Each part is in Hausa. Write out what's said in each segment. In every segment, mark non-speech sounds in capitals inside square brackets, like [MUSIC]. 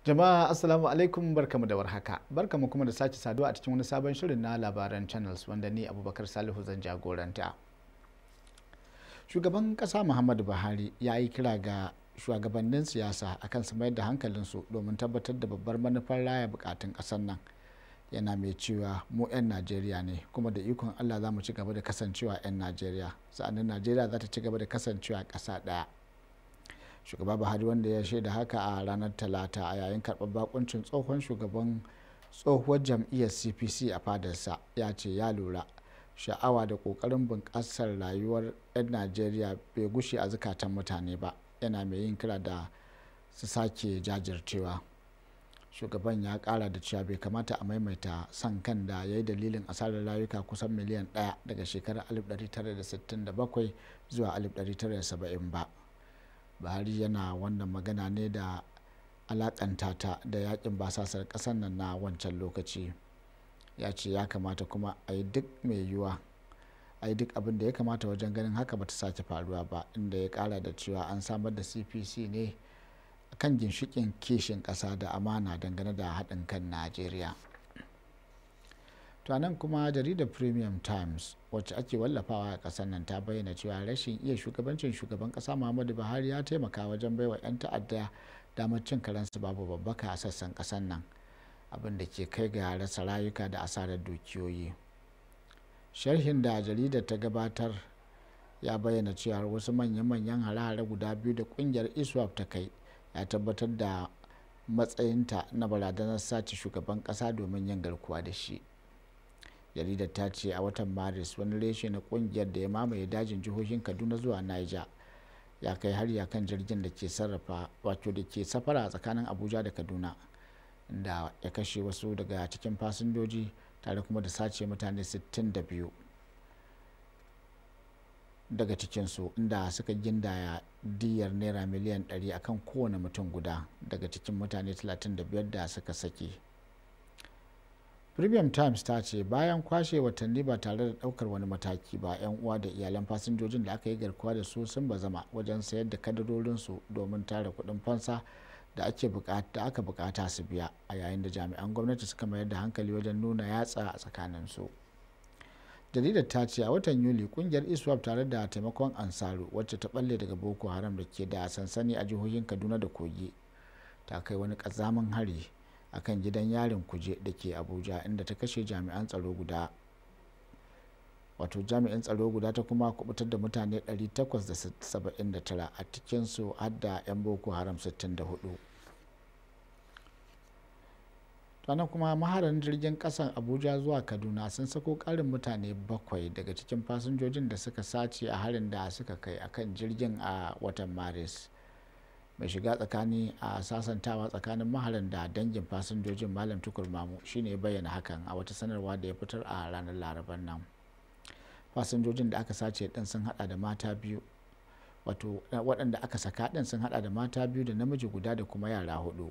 Jama'a Assalamu alaikum barkamu da warhaka. Barkamu kuma da sace saduwa a cikin wani sabon shirin na labaran channels wanda ni Abubakar Salihu zan jagoranta. Shugaban kasa Muhammadu Buhari ya yi kira ga shugabannin siyasa akan su mayar da hankalinsu domin tabbatar da babbar manufar raya bukatun kasar nan. Yana mai cewa mu 'yan Najeriya ne kuma da ikon Allah za mu ci gaba da kasancewa 'yan Najeriya. Sa'annan Najeriya za ta ci gaba da kasancewa ƙasa ɗaya. shugaba buhari wanda ya shaida haka a ranar talata a yayin karbar bakuncin tsohon shugaban tsohuwar jam'iyyar cpc a fadarsa ya ce ya lura sha'awa da ƙoƙarin bunƙasar rayuwar 'yan najeriya bai gushe a zukatan mutane ba yana mai yin kira da su sake jajircewa shugaban ya kara da cewa bai kamata a maimaita son kan da ya yi dalilin asarar rayuka kusan miliyan ɗaya daga shekarar 1967 zuwa 1970 ba buhari yana wannan magana ne da alakanta ta da yakin basasar kasar nan na wancan lokaci ya ce ya kamata kuma a yi duk mai yiwuwa a yi duk abin da ya kamata wajen ganin haka ba ta sake faruwa ba inda ya kara da cewa an samar da cpc ne kan ginshikin kishin ƙasa da amana dangane da haɗin kan najeriya to nan kuma jaridar premium times wacce ake wallafawa a ƙasar nan ta bayyana cewa rashin iya shugabancin shugaban kasa muhammadu buhari ya taimaka wajen baiwa 'yan ta'adda damar cin karansu babu babbaka a sassan kasar nan abin da ke kai ga rasa rayuka da asarar dukiyoyi sharhin da jaridar ta gabatar ya bayyana cewa wasu manya-manyan hare-hare guda biyu da kungiyar iswap ta kai ya tabbatar da matsayinta na barazanar sace shugaban kasa domin yin garkuwa da shi jaridar ta ce a watan maris wani reshe na kungiyar da ya mamaye dajin jihohin kaduna zuwa niger ya kai har ya kan jirgin da ke sarrafa wato da ke safara tsakanin abuja da kaduna da ya kashe wasu daga cikin fasinjoji tare kuma da sace mutane 62 daga cikinsu inda suka gindaya diyar naira miliyan 100 akan kowane mutum guda daga cikin mutane 35 da suka sake premium times ta ce bayan kwashe watanni ba tare da daukar wani mataki ba yan uwa da iyalan fasinjojin da aka yi garkuwa da su sun ba zama wajen sayar da kadarorinsu domin tara kudin fansa da aka bukata su biya a yayin da jami'an gwamnati suka mayar da hankali wajen nuna yatsa a tsakanin su jaridar ta ce a watan yuli kungiyar iswap tare da taimakon ansaru wacce ta balle daga boko haram da ke da sansani a jihohin kaduna da kogi ta kai wani kazamin hari a kan gidan yarin kuje da ke abuja inda ta kashe jami'an tsaro guda wato jami'in tsaro guda ta kuma kubutar da mutane 879 a cikinsu har da 'yan boko haram 64 sannan kuma maharan jirgin kasan abuja zuwa kaduna sun sako karin mutane bakwai daga cikin fasinjojin da suka sace a harin da suka kai akan jirgin a watan maris mai shiga tsakani a sasantawa tsakanin maharan da dangin fasinjojin malam tukur mamu shine bayyana hakan a wata sanarwa da ya fitar a ranar laraban nan fasinjojin da aka sace din sun hada da mata biyu wato waɗanda aka saka din sun hada da mata biyu da namiji guda da kuma yara hudu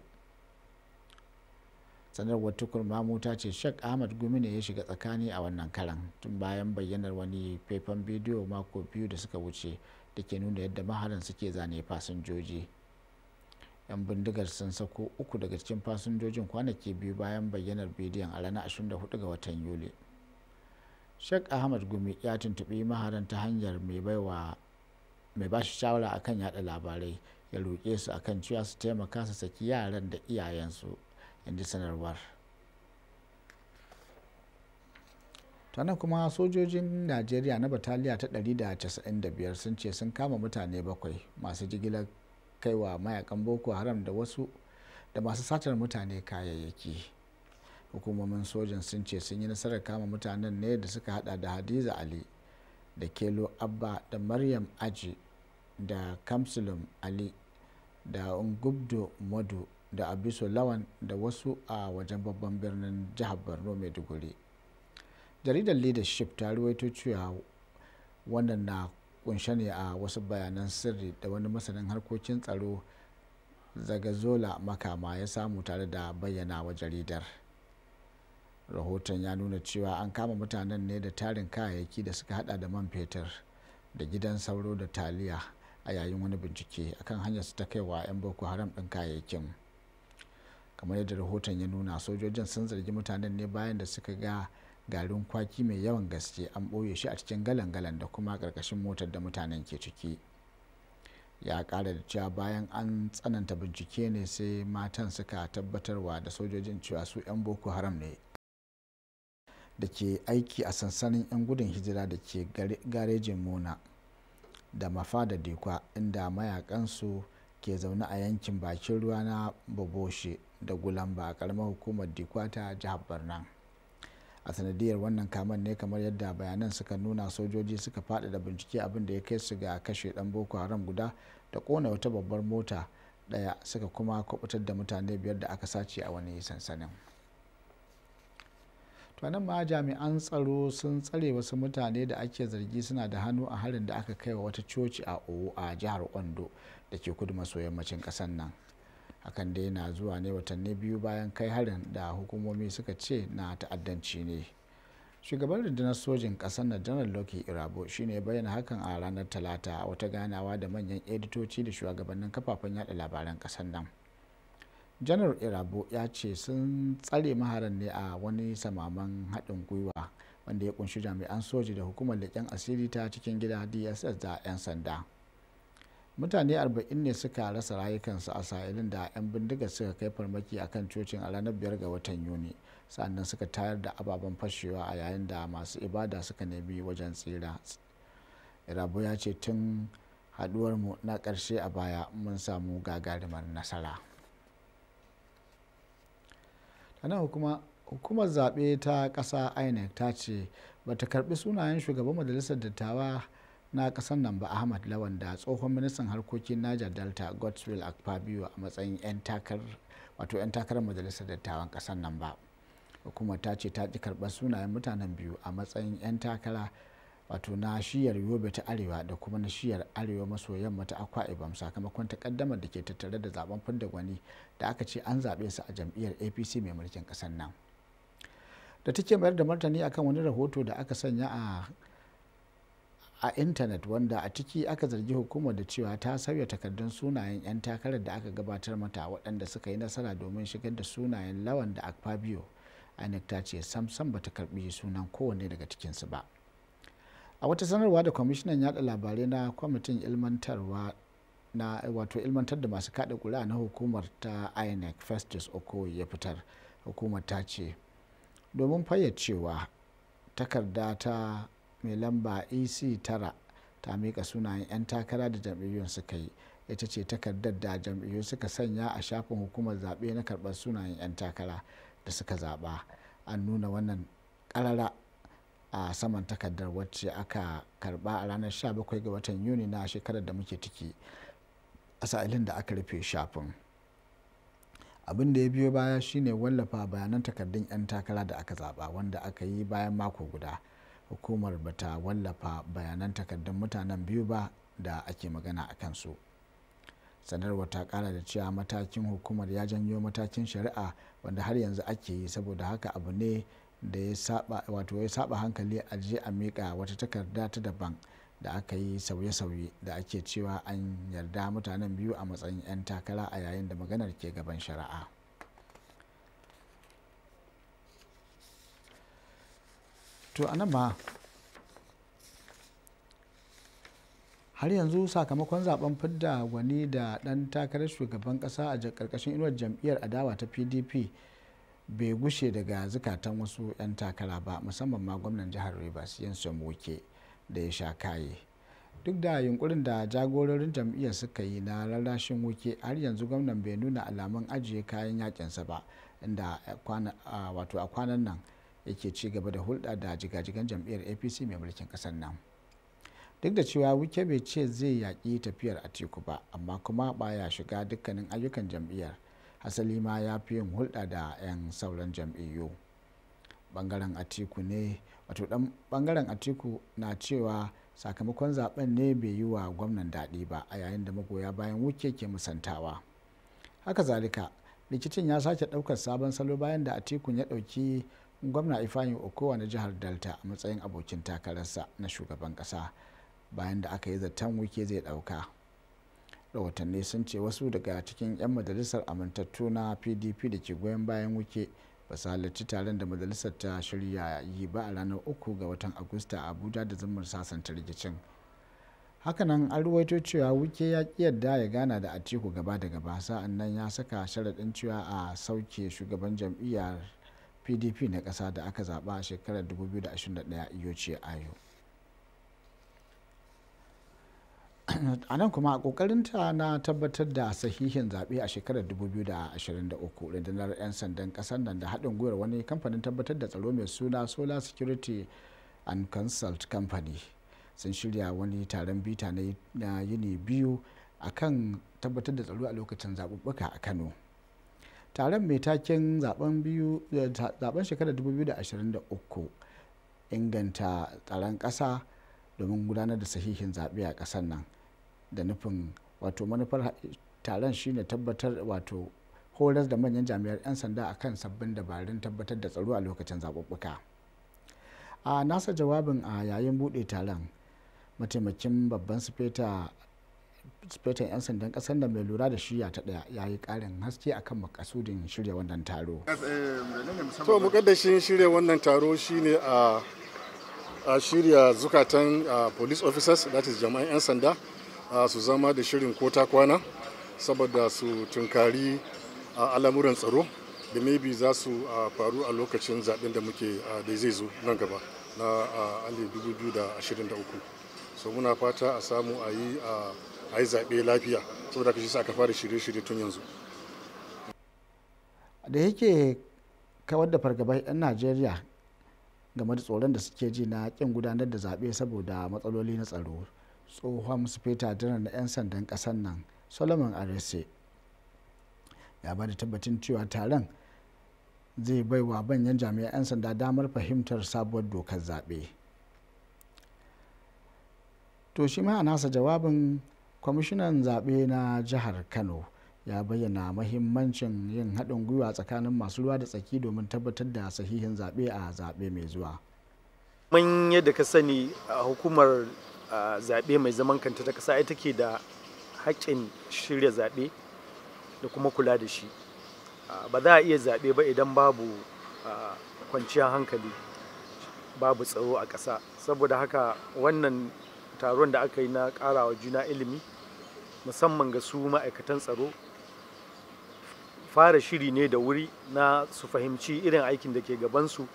sanarwar tukur mamu ta ce shek ahmad gumi ya shiga tsakani a wannan karan tun bayan bayyanar wani faifan bidiyo mako biyu da suka wuce da ke nuna yadda maharan suke zane fasinjoji 'yan bindigar sun sako uku daga cikin fasinjojin kwanaki biyu bayan bayyanar bidiyon a ranar 24 ga watan yuli sheikh ahmad gumi ya tuntuɓi maharan ta hanyar mai mai ba shi shawara akan yada labarai ya roƙe su akan cewa su taimaka su saki yaran da iyayensu inda sanarwar tana kuma sojojin najeriya na bataliya ta 195 sun ce sun kama mutane bakwai masu jigilar kaiwa mayakan boko haram da wasu da masu satar mutane kayayyaki hukumomin sojan sun ce sun yi nasarar kama mutanen ne da suka hada da hadiza ali da kelo abba da maryam aji da kamsulum ali da ungubdo modu da abiso lawan da wasu a wajen babban birnin jihar borno maiduguri jaridar leadership ta ruwaito cewa wannan na kunshe ne a wasu bayanan sirri da wani masanin harkokin tsaro zagazola makama ya samu tare da bayyana wa jaridar rahoton ya nuna cewa an kama mutanen ne da tarin kayayyaki da suka hada da man fetur da gidan sauro da taliya a yayin wani bincike akan hanyar su ta kaiwa 'yan boko haram din kayayyakin kamar yadda rahoton ya nuna sojojin sun zargi mutanen ne bayan da suka ga garin kwaki mai yawan gaske an ɓoye shi a cikin galan-galan da kuma ƙarƙashin motar da mutanen ke ciki ya ƙara da cewa bayan an tsananta bincike ne sai matan suka tabbatarwa da sojojin cewa su 'yan boko haram ne da ke aiki a sansanin 'yan gudun hijira da ke garejin mona da mafada da dekwa inda mayakansu ke zaune a yankin bakin ruwa na boboshe da gulamba a ƙaramar hukumar dekwa ta jihar barnan a sanadiyar wannan kaman ne kamar yadda bayanan suka nuna sojoji suka da bincike abin da ya kai su ga kashe ɗan boko haram guda da kona wata babbar mota daya suka kuma kwabutar da mutane biyar da aka sace a wani sansanin nan ma jami'an tsaro sun tsare wasu mutane da ake zargi suna da hannu a harin da aka kai wa wata coci a owo a jihar ondo da ke kudu maso yammacin ƙasar nan hakan dai na zuwa ne watanni biyu bayan kai harin da hukumomi suka ce na ta'addanci ne shugaban rundunar sojin ƙasar na janar loki irabo shine bayyana hakan a ranar talata wata ganawa da manyan editoci da shugabannin kafafen yada labaran kasar nan janar irabo ya ce sun tsare maharan ne a wani samaman haɗin gwiwa wanda ya kunshi jami'an soji da hukumar leƙen asiri ta cikin gida dss da 'yan sanda mutane 40 ne suka rasa rayukansu a sa'ilin da 'yan bindiga suka kai farmaki a kan cocin a ranar 5 ga watan yuni sannan suka tayar da ababen fashewa a yayin da masu ibada suka nemi wajen tsira rabo ya ce tun mu na ƙarshe a baya mun samu gagarumar nasara nan hukumar zaɓe ta ƙasa inec ta ce ba ta karɓi sunayen shugaban majalisar dattawa na kasar nan ba ahmad lawan da tsohon ministan harkokin niger delta godswill akpabio a matsayin 'yan takarar majalisar dattawan kasar nan ba hukumar ta ce ta ƙi karɓar sunayen mutanen biyu a matsayin 'yan takara wato na shiyar yobe ta arewa da kuma na shiyar arewa maso yamma ta akwa ibam sakamakon takaddamar da ke tattare da zaben fidda gwani da aka ce an zaɓe su a jam'iyyar apc mai mulkin ƙasar nan da take mayar da martani akan wani rahoto da aka sanya a a intanet wanda a ciki aka zargi hukumar da cewa ta sauya takardun sunayen 'yan takarar da aka gabatar mata waɗanda suka yi nasara domin shigar da sunayen lawan da akpabio inec ta ce samsam ba ta karbi sunan kowane daga cikinsu ba a wata sanarwa da kwamishinan yada labarai na kwamitin ilmantarwa na wato ilmantar da masu kada kula na hukumar ta inec festus oko ya fitar hukumar ta ce domin fayyacewa takarda ta mai lamba ec tara ta mika sunayen 'yan takara da jam'iyyun suka yi ita ce takardar da jam'iyyun suka sanya a shafin hukumar zaɓe na karɓar sunayen 'yan takara da suka zaɓa an nuna wannan ƙarara a saman takardar wacce aka karɓa a ranar 17 ga watan yuni na shekarar da muke ciki a sa'ilin da aka rufe shafin abin da ya biyo baya shine wallafa bayanan takardun 'yan takara da aka zaɓa wanda aka yi bayan mako guda hukumar ba ta wallafa bayanan takardun mutanen biyu ba da ake magana a kansu sanarwa ta kara da cewa matakin hukumar ya janyo matakin shari'a wanda har yanzu ake yi saboda haka abu ne da ya saba wato ya saba hankali a je a miƙa wata takarda ta daban da aka yi sauye-sauye da ake cewa an yarda mutanen biyu a matsayin 'yan takara a yayin da maganar ke gaban shari'a. to a har yanzu sakamakon zaben fidda gwani da ɗan takarar shugaban ƙasa a ƙarƙashin inuwar jam'iyyar adawa ta pdp bai gushe daga zukatan wasu 'yan takara ba musamman ma gwamnan jihar rivers yansu wuke da ya sha kaye duk da yunkurin da jagororin jam'iyyar suka yi na rarrashin wuke har yanzu gwamnan bai nuna alamun ajiye kayan yakinsa ba inda wato a kwanan nan yake ci gaba da hulɗa da jigajigan jam'iyyar apc mai mulkin ƙasar nan duk da cewa wike bai ce zai yaƙi tafiyar atiku ba amma kuma baya shiga dukkanin ayyukan jam'iyyar asali ma ya fi yin hulɗa da 'yan sauran jam'iyyu bangaren atiku ne wato dan bangaren atiku na cewa sakamakon zaben ne bai yi wa gwamnan daɗi ba a yayin da magoya bayan wuke ke musantawa haka zalika rikicin ya sake ɗaukar sabon salo bayan da atikun ya ɗauki gwamna ifani okowa na jihar delta a matsayin abokin takararsa na shugaban kasa bayan da aka yi zaton wike zai dauka rahotanni sun ce wasu daga cikin 'yan majalisar amintattu na pdp da ke goyon bayan wike ba su halarci taron da majalisar ta shirya yi ba a ranar uku ga watan agusta a abuja da zumar sasanta rikicin hakanan an ruwaito cewa wike ya ki yadda ya gana da atiku gaba da gaba sa'an nan ya saka sharaɗin cewa a sauke shugaban jam'iyyar pdp na kasa da aka zaba a shekarar 2021 yoce ayo a nan kuma a kokarinta na tabbatar da sahihin zaɓe a shekarar 2023 rundunar 'yan sandan ƙasar nan da haɗin gwiwar wani kamfanin tabbatar da tsaro mai suna solar security and consult company sun shirya wani taron bita na yini biyu akan tabbatar da tsaro a lokacin zaɓuɓɓuka a kano taron mai taken zaben eh, shekarar 2023 inganta tsaron kasa domin gudanar da sahihin zaɓe a ƙasar nan da nufin wato manufar taron shine tabbatar wato horas da manyan jami'ar 'yan sanda a kan sabbin dabarun tabbatar da tsaro a lokacin zaɓuɓɓuka a nasa jawabin a yayin buɗe taron mataimakin babban sufeta sufetan 'yan sandan kasar nan mai lura da shirya ta daya ya yi karin haske akan makasudin shirya wannan taro eh, to mukaddashin shirya wannan taro shine a a shirya zukatan police officers that is jama'an 'yan sanda su zama da shirin kota kwana saboda su tunkari al'amuran tsaro da maybe za su faru a lokacin zaben da muke da zai zo nan gaba na 2023 so muna fata a samu a yi a yi zaɓe lafiya saboda ka shi sa aka fara shirye-shirye tun yanzu da yake kawar da fargabar 'yan najeriya game da tsoron da suke ji na kin gudanar da zaɓe saboda matsaloli na tsaro tsohon sufeta dana na 'yan sandan ƙasar nan solomon arese ya ba da tabbacin cewa taron zai bai wa banyan jami'an 'yan sanda damar fahimtar sabuwar dokar zaɓe to shi ma nasa jawabin kwamishinan zaɓe na jihar kano ya bayyana mahimmancin yin haɗin gwiwa tsakanin masu ruwa da tsaki domin tabbatar da sahihin zaɓe a zaɓe mai zuwa man yadda ka sani a hukumar zaɓe mai zaman kanta ta ƙasa ita ke da haƙƙin shirya zaɓe da kuma kula da shi ba za a iya zaɓe ba idan babu kwanciyar hankali babu tsaro a ƙasa saboda haka wannan taron da aka yi na karawa juna ilimi musamman ga su ma'aikatan tsaro fara shiri ne da wuri na su fahimci irin aikin da ke gabansu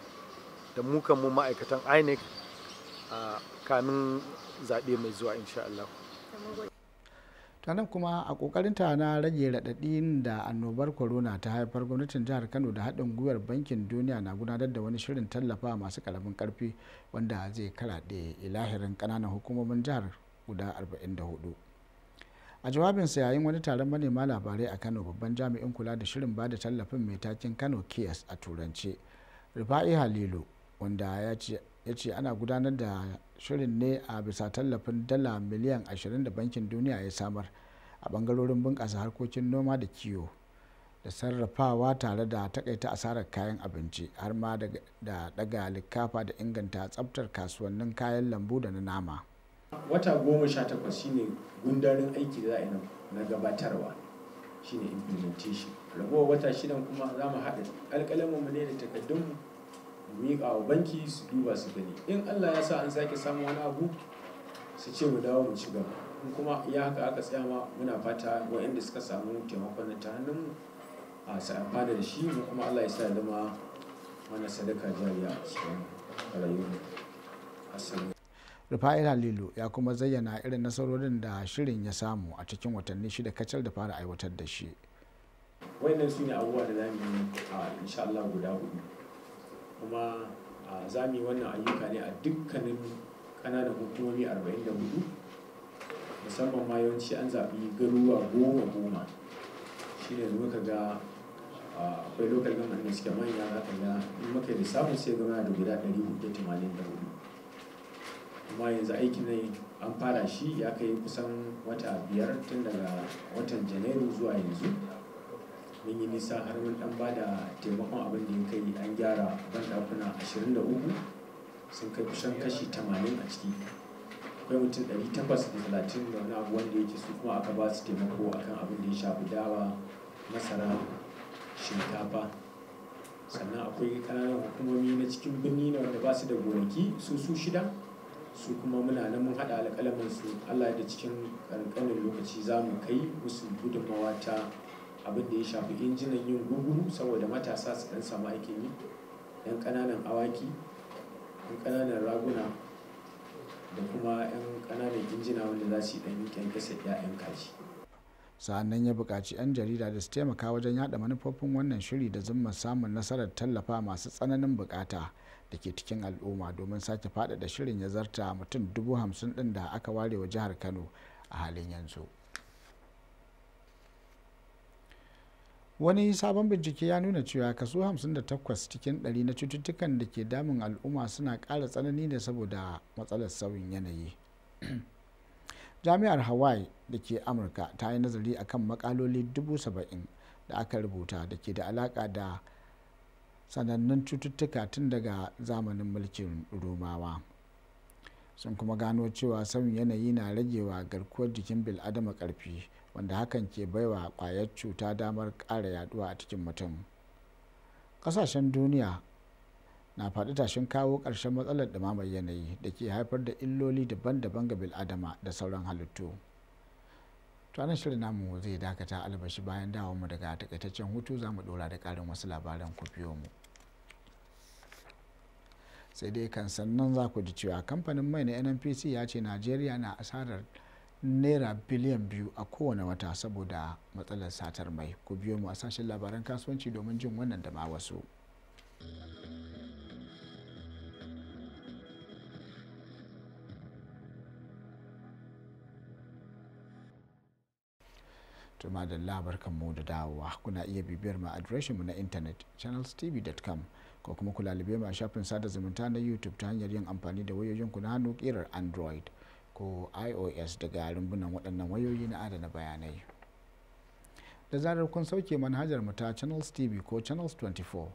da mukan mu ma'aikatan inec a kamin zaɓe mai zuwa insha Allah. ta nan kuma a kokarinta na rage raɗaɗin da annobar corona ta haifar gwamnatin jihar kano da haɗin gwiwar bankin duniya na gudanar da wani shirin tallafa masu karamin karfi wanda zai karaɗe ilahirin ƙananan hukumomin jihar guda 44 a jawabinsa yayin wani taron manema labarai a kano babban jami'in kula da shirin ba da tallafin mai takin kano ks a turance rufa'i halilu wanda ya ce ya ce ana gudanar da shirin ne a bisa tallafin dala miliyan 20 da bankin duniya ya samar a bangarorin bunƙasa harkokin noma da kiwo da sarrafawa tare da takaita asarar kayan abinci har ma da daga likafa da inganta tsabtar kasuwannin kayan lambu da na nama wata goma sha takwas shine gundarin aiki za a na gabatarwa shine implementation ragowar wata shidan kuma za mu haɗa alƙalamin mu ne da takaddunmu miƙa wa banki su duba su gani in allah ya sa an sake samu wani abu su ce mu dawo mu ci gaba in kuma ya haka aka tsaya ma muna fata waɗanda suka samu taimakon ta hannun a amfana da shi mu kuma allah ya sa da zama mana sadaka jariya a cikin rayuwa asali rufa'i halilu ya kuma zayyana irin nasarorin da shirin ya samu a cikin watanni shida kacal da fara aiwatar da shi wayannan su ne abubuwa da zamu a insha Allah guda hudu kuma a zami wannan ayyuka ne a dukkanin kananan hukumomi 44 musamman ma yawanci an zaɓi garuruwa goma goma shi ne muka ga akwai lokal gama da suke manya za ka ga in muka yi lissafin sai gama da guda 484 kuma yanzu aikin nan an fara shi ya kai kusan wata biyar tun daga watan janairu zuwa yanzu mun yi nisa har mun dan ba da taimakon abin da ya kai an gyara dakuna 23 sun kai kusan kashi 80 a ciki akwai mutum 830 da wani abu wanda yake su kuma aka ba su taimako akan abin da ya shafi dawa masara shinkafa sannan akwai kananan hukumomi na cikin birni na wanda ba su da gonaki su su shida su kuma muna nan mun haɗa alƙalamin su allah da cikin ƙanƙanin lokaci za mu kai musu gudunmawa ta abin da ya shafi injinan yin guguru saboda matasa su dan samu aikin yi yan kananan awaki yan kananan raguna da kuma yan kananan injina wanda za su yi dan kyankyasa 'ya'yan kaji sa'annan ya buƙaci 'yan jarida da su taimaka wajen yada manufofin wannan shiri da zumma samun nasarar tallafa masu tsananin bukata da ke cikin al'umma domin sake faɗaɗa shirin ya zarta mutum dubu hamsin ɗin da aka ware wa jihar kano a halin yanzu wani sabon bincike ya nuna cewa kaso 58 cikin 100 na cututtukan da ke damun al'umma suna ƙara tsanani ne saboda matsalar sauyin yanayi [CLEARS THROAT] jami'ar hawaii da ke amurka ta yi nazari akan makaloli 70,000 da aka rubuta da ke da alaƙa da sanannun cututtuka tun daga zamanin mulkin romawa sun kuma gano cewa sauyin yanayi na ragewa garkuwar jikin bil'adama karfi. wanda hakan ke baiwa kwayar cuta damar ƙara yaduwa a cikin mutum ƙasashen duniya na faɗi tashin kawo ƙarshen matsalar ɗumamar yanayi da ke haifar da illoli daban-daban ga bil'adama da sauran halittu tuwanan shirin namu zai dakata albashi bayan dawonmu mu daga takaitaccen hutu za mu ɗora da ƙarin wasu labaran ku biyo mu sai dai kan sannan za ku ji cewa kamfanin mai na nnpc ya ce najeriya na asarar naira biliyan biyu a kowane wata saboda matsalar satar mai ku biyo mu a sashen labaran kasuwanci domin jin wannan da ma wasu tuma da labarkan mu da dawowa kuna iya bibiyar ma adireshinmu na intanet channelstv.com ko kuma ku lalube ma shafin sada zumunta na youtube ta hanyar yin amfani da wayoyin ku na hannu kirar android ko ios daga rumbunan waɗannan wayoyi na adana bayanai da zarar kun sauke manhajar mu ta channels tv ko channels 24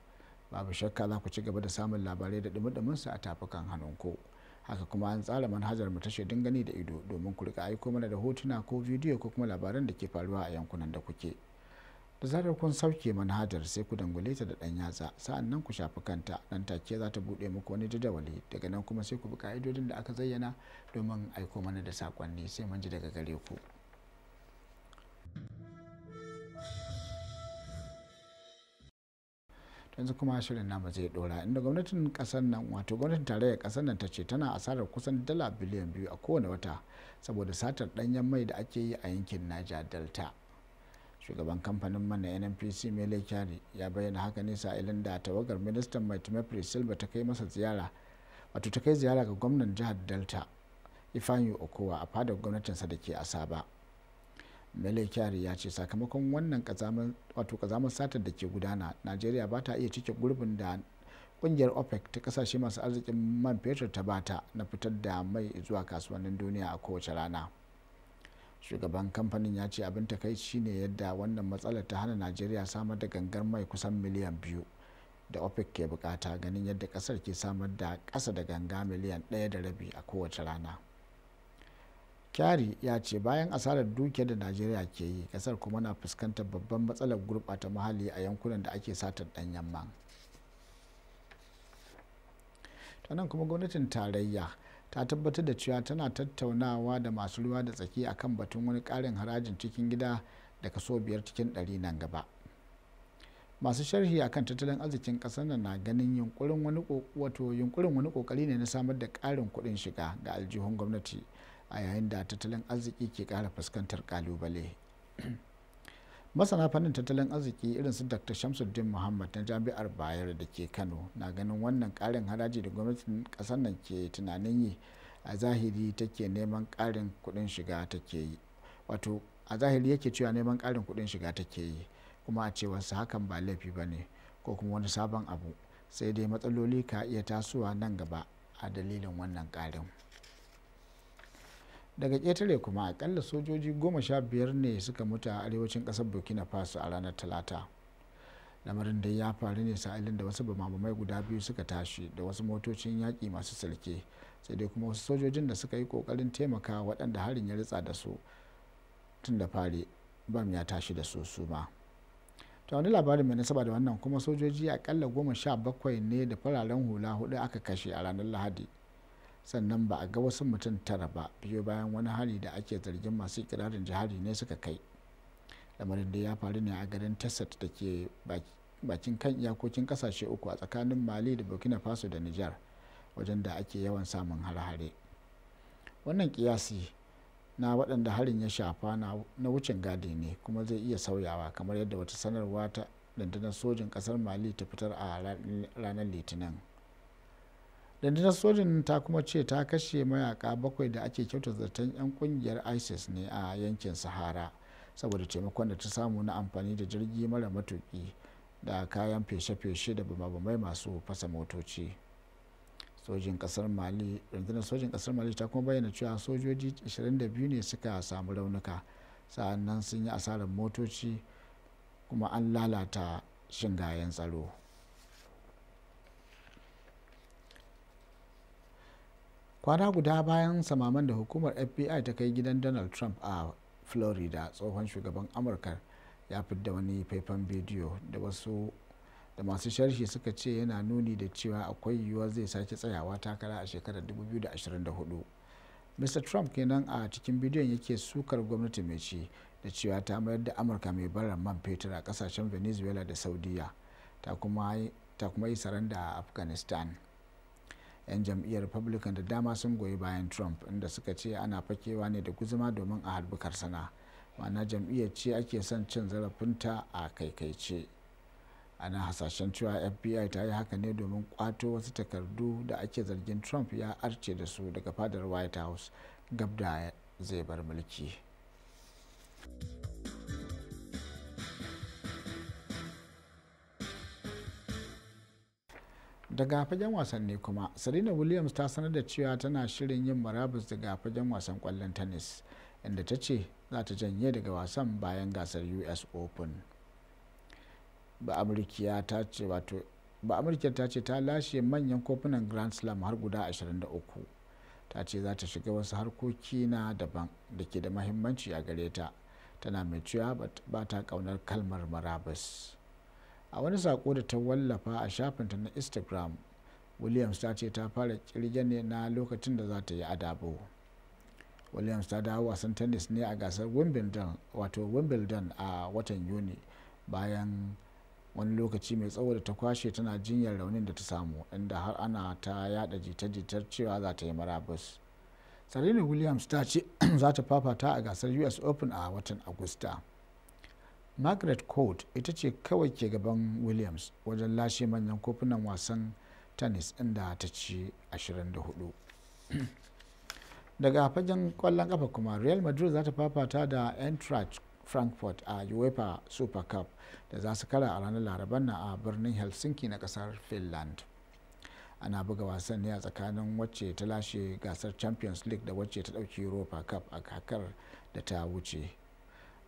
babu shakka za ku ci gaba da samun labarai da dumi su a tafukan hannunku haka kuma an tsara manhajar mu ta dingani da ido domin ku rika aiko mana da hotuna ko bidiyo ko kuma labaran da ke faruwa a yankunan da kuke. da zarar kun sauke manhajar sai ku dangule ta da dan yatsa sa'an nan ku shafi kanta nan take za ta buɗe muku wani jadawali daga nan kuma sai ku bi ka'idodin da aka zayyana domin aiko mana da sakonni sai mun ji daga gare ku yanzu kuma shirin namu zai dora inda gwamnatin kasar nan wato gwamnatin tarayyar kasar nan ta ce tana asarar kusan dala biliyan biyu a kowane wata saboda satar danyen mai da ake yi a yankin niger delta shugaban kamfanin mana na nnpc mele kyari ya bayyana haka ne ilin da tawagar ministan mai tumefri silva ta kai masa ziyara wato ta kai ziyara ga gwamnan jihar delta ifanyu okowa a fadar sa da ke asaba mele kyari ya ce sakamakon wannan kazamar satar da ke gudana najeriya ba ta iya cike gurbin da kungiyar opec ta kasashe masu arzikin man fetur ta bata na fitar da mai zuwa kasuwannin duniya a kowace rana shugaban kamfanin ya ce abin takaici ne yadda wannan matsalar ta hana najeriya samar da gangar mai kusan miliyan biyu da opec ke bukata ganin yadda kasar ke samar da kasa da ganga miliyan ɗaya da rabi a kowace rana kyari ya ce bayan asarar dukiyar da najeriya ke yi kasar kuma na fuskantar babban matsalar gurɓata muhalli a yankunan da ake satar ɗanyen man nan kuma gwamnatin tarayya ta tabbatar da cewa tana tattaunawa da masu ruwa da tsaki a kan batun wani ƙarin harajin cikin gida da kaso biyar cikin ɗari nan gaba masu sharhi akan tattalin arzikin ƙasar nan na ganin yunkurin wani wato yunkurin wani ƙoƙari ne na samar da ƙarin kuɗin shiga ga aljihun gwamnati a yayin da tattalin arziki ke ƙara fuskantar ƙalubale masana fannin tattalin arziki irin su dr shamsuddin muhammad na jami'ar bayar da ke kano na ganin wannan karin haraji da gwamnatin kasar nan ke tunanin yi a zahiri take neman karin kudin shiga take yi wato a zahiri yake cewa neman karin kudin shiga take yi kuma a cewar su hakan ba laifi ba ne ko kuma wani sabon abu sai dai matsaloli ka iya tasowa nan gaba a dalilin wannan karin. daga ƙetare kuma akalla sojoji goma sha biyar ne suka mutu a arewacin ƙasar burkina faso a ranar talata lamarin da ya faru ne sa'ilin da wasu bamamamai guda biyu suka tashi da wasu motocin yaƙi masu sarki sai dai kuma wasu sojojin da suka yi ƙoƙarin taimaka waɗanda harin ya ritsa da su tun da fari bam ya tashi da su su ma ta wani labarin mai nasaba da wannan kuma sojoji akalla goma sha bakwai ne da fararen hula hudu aka kashe a ranar lahadi sannan ba a ga wasu mutum tara ba biyo bayan wani hari da ake zargin masu kirarin jihari ne suka kai lamarin da ya faru ne a garin tessat da ke bakin kan iyakokin kasashe uku a tsakanin mali da burkina faso da niger wajen da ake yawan samun har-hare wannan kiyasi na waɗanda harin ya shafa na wucin gadi ne kuma zai iya sauyawa kamar yadda wata sanarwa ta dandana sojin ƙasar mali ta fitar a ranar litinin rundunar sojin ta kuma ce ta kashe mayaka bakwai da ake kyauta zaton 'yan kungiyar isis ne a yankin sahara saboda taimakon da ta samu na amfani da jirgi mara matuki da kayan feshe-feshe da bumabumai masu fasa motoci sojin kasar mali rundunar sojin kasar mali ta kuma bayyana cewa sojoji 22 ne suka samu raunuka sa'annan sun yi asarar motoci kuma an lalata shingayen tsaro kwana guda bayan samaman da hukumar fbi ta kai gidan donald trump a florida tsohon shugaban amurka ya fidda wani faifan bidiyo da wasu da masu sharhi suka ce yana nuni da cewa akwai yiwuwar zai sake tsayawa takara a shekarar 2024 mr trump kenan a cikin bidiyon yake sukar gwamnati mai ci da cewa ta mayar da amurka mai barar man fetur a kasashen venezuela da saudiya ta kuma yi saranda a afghanistan 'yan jam'iyyar republican da dama sun goyi bayan trump inda suka ce ana fakewa ne da guzuma domin a harbi karsana ma'ana jam'iyyar ce ake son cin zarafinta a kaikaice ana hasashen cewa fbi ta yi haka ne domin kwato wasu takardu da ake zargin trump ya arce da su daga fadar white house gab da zai bar mulki. daga fagen wasanni kuma serena williams ta sanar da cewa tana shirin yin marabus daga fagen wasan kwallon tennis inda ta ce za ta janye daga wasan bayan gasar us open ba amurkiya ta ce ta lashe manyan kofunan grand slam har guda 23 ta ce za ta shiga wasu harkoki na daban da ke da mahimmanci a gare ta tana mai cewa ba ta kaunar kalmar marabus a wani sako da ta wallafa a shafinta na instagram williams ta ce ta fara kirge ne na lokacin da za ta yi adabo williams ta dawo wasan tennis ne a gasar wimbledon wato wimbledon a watan yuni bayan wani lokaci mai tsawo da ta kwashe tana jinyar raunin da ta samu inda har ana ta yada jita-jitar cewa za ta yi marabus sarina williams ta ce [CLEARS THROAT] za ta fafata a gasar us open a watan agusta margaret court ita ce kawai ke gaban williams wajen lashe manyan kofunan wasan tennis inda ta ci 24 daga fagen kwallon kafa kuma real madrid za ta fafata da eintracht frankfurt a uefa super cup da za su kara a ranar laraban na a birnin helsinki na kasar finland ana buga wasan ne a tsakanin wacce ta lashe gasar champions league da wacce ta dauki europa cup a kakar da ta wuce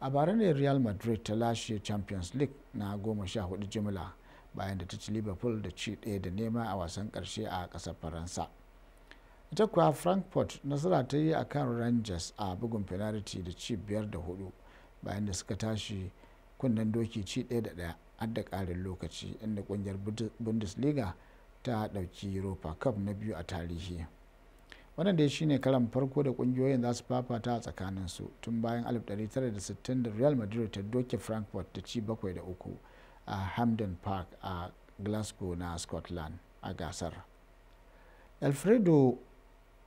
a bara ne real madrid ta lashe champions league na goma sha hudu jimla bayan da ta ci liverpool da ci ɗaya da nema a wasan karshe a ƙasar faransa ita kuwa frankfurt nasara ta yi a kan rangers a bugun penalty da ci biyar da hudu bayan da suka tashi kunnen doki ci ɗaya da ɗaya har da ƙarin lokaci inda ƙungiyar bundesliga ta ɗauki europa cup na biyu a tarihi wannan dai shine karan farko da kungiyoyin za su fafata a tsakanin su tun bayan 1960 da real madrid ta doke frankfurt ta ci 7 da 3 a hamden park a glasgow na scotland a gasar alfredo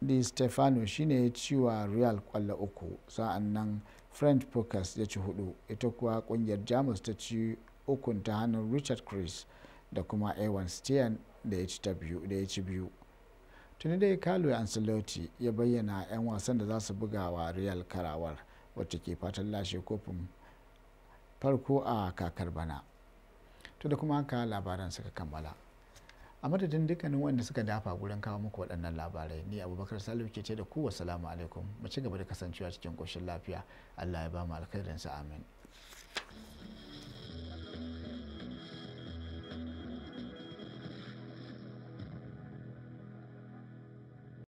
di stefano shine ya ci wa real kwallo uku sa'an nan french focus ya ci hudu ita kuwa kungiyar jamus ta ci ukun ta hannun richard chris da kuma ewan stein da ya ci biyu tuni dai ya ancelotti ya bayyana 'yan wasan da za su buga wa real karawar wacce ke fatan lashe kofin farko a kakar bana to da kuma haka labaran suka kammala a madadin dukkanin wanda suka dafa gurin kawo muku waɗannan labarai ni abubakar salim ke ce da ku salamu alaikum mu ci gaba da kasancewa cikin ƙoshin lafiya allah ya ba mu alkhairinsa amin